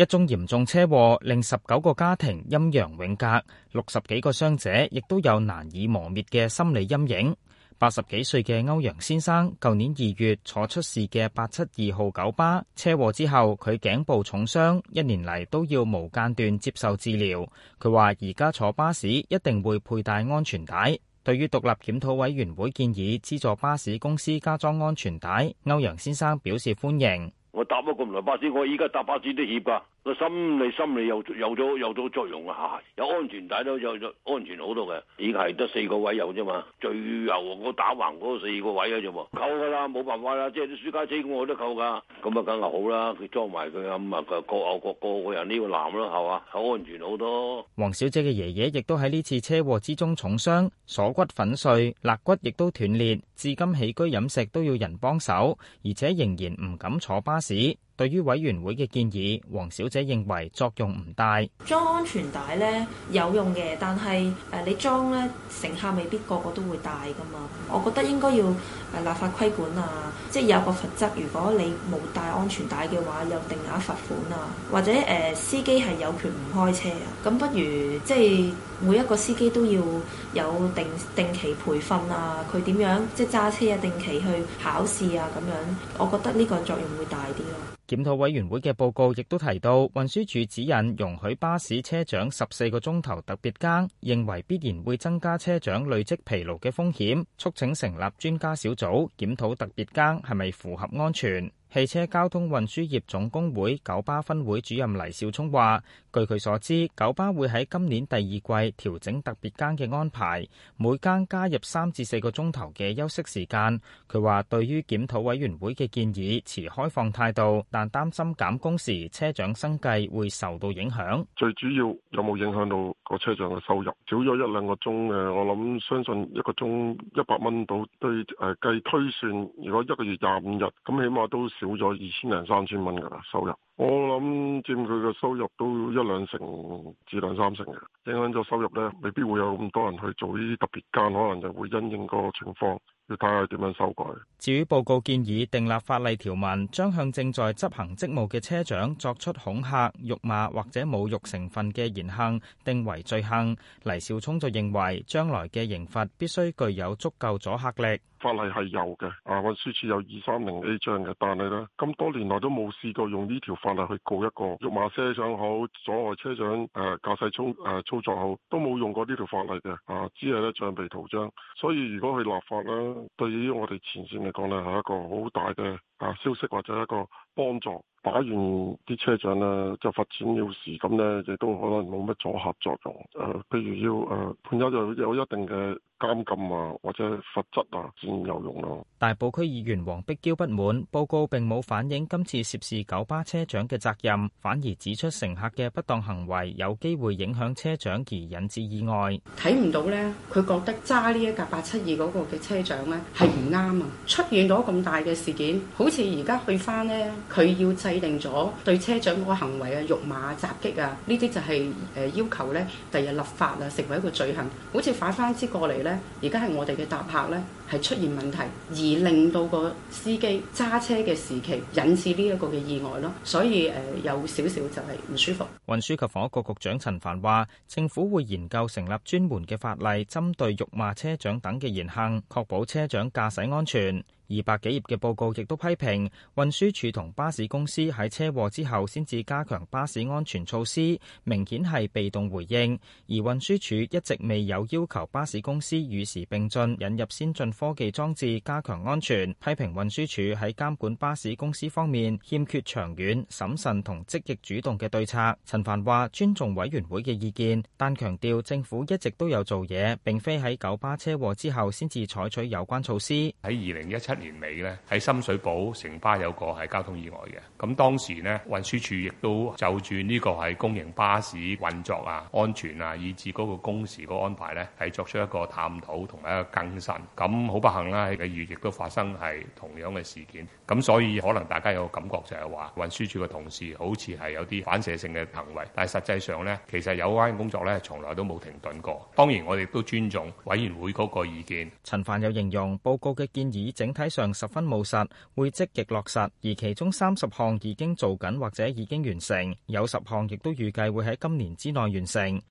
一宗嚴重車禍令十九個家庭陰陽永隔，六十幾個傷者亦都有難以磨滅嘅心理陰影。八十幾歲嘅歐陽先生，舊年二月坐出事嘅八七二號九巴車禍之後，佢頸部重傷，一年嚟都要無間斷接受治療。佢話而家坐巴士一定會佩戴安全帶。對於獨立檢討委員會建議資助巴士公司加裝安全帶，歐陽先生表示歡迎。我搭咗咁耐巴士，我依家搭巴士都怯㗎個心理心理有有咗有咗作用啦，有安全帶都有咗安全好多嘅，依家係得四個位有啫嘛，最右個打橫嗰四個位啊，就冇夠噶啦，冇辦法啦，即係啲私家車咁我都夠噶，咁啊梗係好啦，佢裝埋佢咁啊，佢各有各個個人呢個男咯，係嘛，好安全好多。黃小姐嘅爺爺亦都喺呢次車禍之中重傷，鎖骨粉碎，肋骨亦都斷裂，至今起居飲食都要人幫手，而且仍然唔敢坐巴士。對於委員會嘅建議，黃小姐認為作用唔大。裝安全帶呢有用嘅，但係誒、呃、你裝呢，乘客未必個個都會帶噶嘛。我覺得應該要誒立、呃、法規管啊，即係有個罰則。如果你冇帶安全帶嘅話，有定額罰款啊，或者誒、呃、司機係有權唔開車啊。咁不如即係每一個司機都要有定定期培訓啊，佢點樣即係揸車啊，定期去考試啊，咁樣我覺得呢個作用會大啲咯、啊。檢討委員會嘅報告亦都提到，運輸署指引容許巴士車長十四個鐘頭特別更，認為必然會增加車長累積疲勞嘅風險，促請成立專家小組檢討特別更係咪符合安全。汽車交通運輸業總工會九巴分會主任黎兆聰話，據佢所知，九巴會喺今年第二季調整特別更嘅安排，每更加入三至四個鐘頭嘅休息時間。佢話對於檢討委員會嘅建議持開放態度，但擔心減工時車長生計會受到影響。最主要有冇影響到個車長嘅收入？少咗一兩個鐘嘅，我諗相信一個鐘一百蚊到，對誒計推算，如果一個月廿五日，咁起碼都。少咗二千零三千蚊噶啦，收入。我諗佔佢嘅收入都一兩成至兩三成嘅，影響咗收入呢，未必會有咁多人去做呢啲特別更，可能就會因應個情況，要睇下點樣修改。至於報告建議訂立法例條文，將向正在執行職務嘅車長作出恐嚇、辱罵或者侮辱成分嘅言行定為罪行。黎兆聰就認為將來嘅刑罰必須具有足夠阻嚇力。法例係有嘅，啊運輸署有二三零 A 章嘅，但係呢，咁多年來都冇試過用呢條法。法例去告一個辱罵車長好，阻礙車長誒駕駛操誒、呃、操作好，都冇用過呢條法例嘅，啊，只係咧橡皮圖章。所以如果去立法咧，對於我哋前綫嚟講咧，係一個好大嘅。啊！消息，或者一個幫助，打完啲車長呢，就發展要事咁呢，亦都可能冇乜阻吓作用。誒，譬如要誒判咗就有一定嘅監禁啊，或者罰則啊先有用咯。大埔區議員黃碧嬌不滿報告並冇反映今次涉事九巴車長嘅責任，反而指出乘客嘅不當行為有機會影響車長而引致意外。睇唔到呢，佢覺得揸呢一架八七二嗰個嘅車長呢係唔啱啊！出現咗咁大嘅事件，好似而家去翻呢，佢要制定咗對車長嗰個行為啊、辱罵、襲擊啊，呢啲就係誒要求呢第二日立法啊，成為一個罪行。好似反翻之過嚟呢，而家係我哋嘅搭客呢係出現問題，而令到個司機揸車嘅時期，引致呢一個嘅意外咯。所以誒，有少少就係唔舒服。運輸及房屋局局長陳帆話：政府會研究成立專門嘅法例，針對辱罵車長等嘅言行，確保車長駕駛安全。二百幾頁嘅報告亦都批評運輸署同巴士公司喺車禍之後先至加強巴士安全措施，明顯係被動回應。而運輸署一直未有要求巴士公司與時並進，引入先進科技裝置加強安全。批評運輸署喺監管巴士公司方面欠缺長遠、審慎同積極主動嘅對策。陳帆話：尊重委員會嘅意見，但強調政府一直都有做嘢，並非喺九巴車禍之後先至採取有關措施。喺二零一七年尾咧，喺深水埗城巴有個係交通意外嘅，咁當時咧，運輸署亦都就住呢個係公營巴士運作啊、安全啊,以至嗰個工時個安排咧，係作出一個探討同埋一個更新。咁好不幸啦、啊，喺嘅月亦都發生係同樣嘅事件。咁所以可能大家有個感覺就係話運輸署嘅同事好似係有啲反射性嘅行為，但係實際上咧，其實有關工作咧從來都冇停頓過，當然我哋都尊重委員會嗰個意見，陳帆有形容報告嘅建議整體上十分務實，會積極落實，而其中三十項已經做緊或者已經完成，有十項亦都預計會喺今年之內完成。